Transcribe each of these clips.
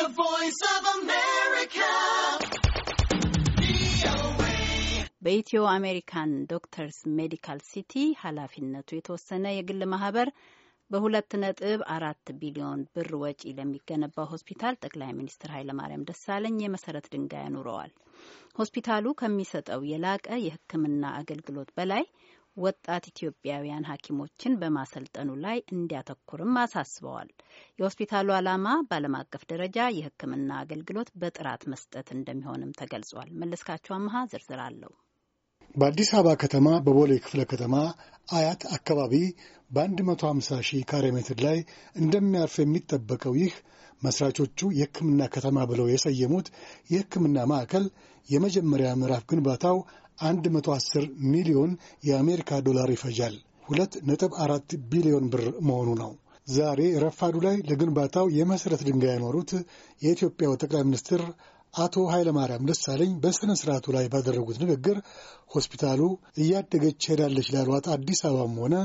The Voice of America. በኢትዮ አሜሪካን ዶክተርስ ሜዲካል ሲቲ ኃላፊነቱ የተወሰነ የግል ማህበር በሁለት ነጥብ አራት ቢሊዮን ብር ወጪ ለሚገነባው ሆስፒታል ጠቅላይ ሚኒስትር ኃይለማርያም ደሳለኝ የመሰረት ድንጋይ አኑረዋል። ሆስፒታሉ ከሚሰጠው የላቀ የሕክምና አገልግሎት በላይ ወጣት ኢትዮጵያውያን ሐኪሞችን በማሰልጠኑ ላይ እንዲያተኩርም አሳስበዋል። የሆስፒታሉ ዓላማ በዓለም አቀፍ ደረጃ የሕክምና አገልግሎት በጥራት መስጠት እንደሚሆንም ተገልጿል። መለስካቸው አመሃ ዝርዝር አለው። በአዲስ አበባ ከተማ በቦሌ ክፍለ ከተማ አያት አካባቢ በ150 ሺህ ካሬ ሜትር ላይ እንደሚያርፍ የሚጠበቀው ይህ መስራቾቹ የሕክምና ከተማ ብለው የሰየሙት የሕክምና ማዕከል የመጀመሪያ ምዕራፍ ግንባታው 110 ሚሊዮን የአሜሪካ ዶላር ይፈጃል። 2.4 ነጥብ ቢሊዮን ብር መሆኑ ነው። ዛሬ ረፋዱ ላይ ለግንባታው የመሠረት ድንጋይ ያኖሩት የኢትዮጵያው ጠቅላይ ሚኒስትር አቶ ኃይለማርያም ደሳለኝ በሥነ ሥርዓቱ ላይ ባደረጉት ንግግር ሆስፒታሉ እያደገች ሄዳለች ላሏት አዲስ አበባም ሆነ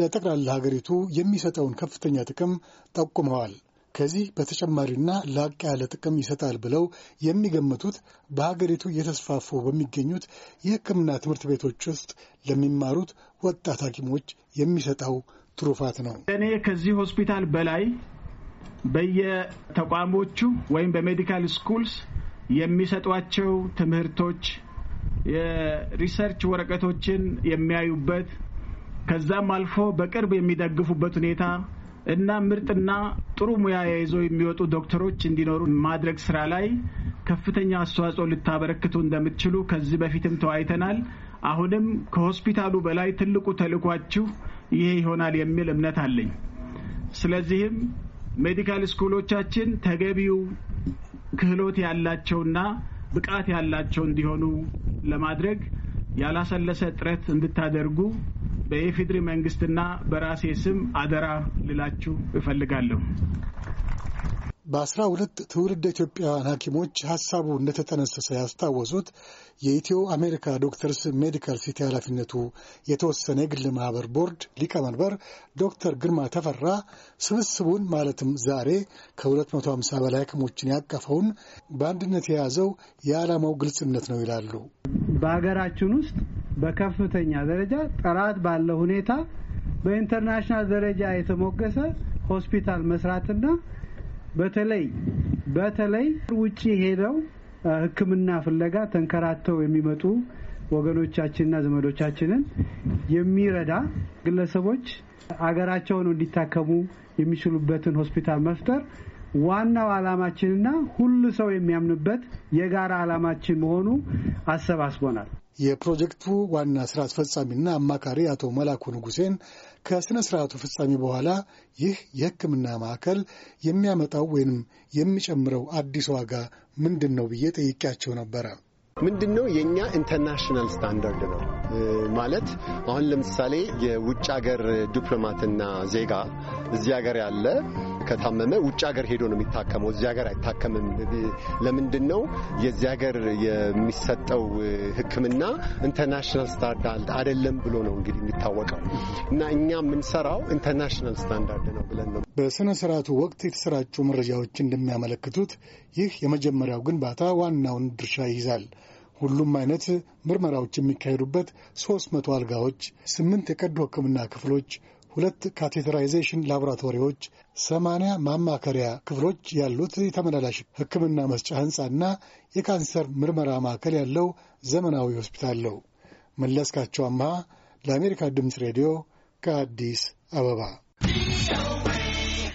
ለጠቅላላ ሀገሪቱ የሚሰጠውን ከፍተኛ ጥቅም ጠቁመዋል። ከዚህ በተጨማሪና ላቅ ያለ ጥቅም ይሰጣል ብለው የሚገምቱት በሀገሪቱ እየተስፋፉ በሚገኙት የሕክምና ትምህርት ቤቶች ውስጥ ለሚማሩት ወጣት ሐኪሞች የሚሰጠው ትሩፋት ነው። እኔ ከዚህ ሆስፒታል በላይ በየተቋሞቹ ወይም በሜዲካል ስኩልስ የሚሰጧቸው ትምህርቶች የሪሰርች ወረቀቶችን የሚያዩበት ከዛም አልፎ በቅርብ የሚደግፉበት ሁኔታ እና ምርጥና ጥሩ ሙያ ይዘው የሚወጡ ዶክተሮች እንዲኖሩ ማድረግ ስራ ላይ ከፍተኛ አስተዋጽኦ ልታበረክቱ እንደምትችሉ ከዚህ በፊትም ተወያይተናል። አሁንም ከሆስፒታሉ በላይ ትልቁ ተልዕኳችሁ ይሄ ይሆናል የሚል እምነት አለኝ። ስለዚህም ሜዲካል ስኩሎቻችን ተገቢው ክህሎት ያላቸውና ብቃት ያላቸው እንዲሆኑ ለማድረግ ያላሰለሰ ጥረት እንድታደርጉ በኢፌድሪ መንግስትና በራሴ ስም አደራ ልላችሁ እፈልጋለሁ። በአስራ ሁለት ትውልድ ኢትዮጵያውያን ሐኪሞች ሐሳቡ እንደተጠነሰሰ ያስታወሱት የኢትዮ አሜሪካ ዶክተርስ ሜዲካል ሲቲ ኃላፊነቱ የተወሰነ የግል ማህበር ቦርድ ሊቀመንበር ዶክተር ግርማ ተፈራ ስብስቡን ማለትም ዛሬ ከ250 በላይ ሐኪሞችን ያቀፈውን በአንድነት የያዘው የዓላማው ግልጽነት ነው ይላሉ። በሀገራችን ውስጥ በከፍተኛ ደረጃ ጥራት ባለው ሁኔታ በኢንተርናሽናል ደረጃ የተሞገሰ ሆስፒታል መስራትና በተለይ በተለይ ውጪ ሄደው ሕክምና ፍለጋ ተንከራተው የሚመጡ ወገኖቻችንና ዘመዶቻችንን የሚረዳ ግለሰቦች አገራቸውን እንዲታከሙ የሚችሉበትን ሆስፒታል መፍጠር ዋናው ዓላማችንና ሁሉ ሰው የሚያምንበት የጋራ ዓላማችን መሆኑ አሰባስቦናል። የፕሮጀክቱ ዋና ስራ አስፈጻሚና አማካሪ አቶ መላኩ ንጉሴን ከሥነ ሥርዓቱ ፍጻሜ በኋላ ይህ የሕክምና ማዕከል የሚያመጣው ወይንም የሚጨምረው አዲስ ዋጋ ምንድን ነው ብዬ ጠይቄያቸው ነበረ። ምንድን ነው የእኛ ኢንተርናሽናል ስታንዳርድ ነው ማለት አሁን ለምሳሌ የውጭ ሀገር ዲፕሎማትና ዜጋ እዚህ ሀገር ያለ ከታመመ ውጭ ሀገር ሄዶ ነው የሚታከመው፣ እዚህ ሀገር አይታከምም። ለምንድን ነው የዚህ ሀገር የሚሰጠው ሕክምና ኢንተርናሽናል ስታንዳርድ አይደለም ብሎ ነው እንግዲህ የሚታወቀው እና እኛ የምንሰራው ኢንተርናሽናል ስታንዳርድ ነው ብለን ነው። በሥነ ስርዓቱ ወቅት የተሰራጩ መረጃዎች እንደሚያመለክቱት ይህ የመጀመሪያው ግንባታ ዋናውን ድርሻ ይይዛል። ሁሉም አይነት ምርመራዎች የሚካሄዱበት ሦስት መቶ አልጋዎች፣ ስምንት የቀዶ ሕክምና ክፍሎች፣ ሁለት ካቴተራይዜሽን ላቦራቶሪዎች፣ ሰማንያ ማማከሪያ ክፍሎች ያሉት የተመላላሽ ሕክምና መስጫ ሕንፃና የካንሰር ምርመራ ማዕከል ያለው ዘመናዊ ሆስፒታል ነው። መለስካቸው አምሃ ለአሜሪካ ድምፅ ሬዲዮ ከአዲስ አበባ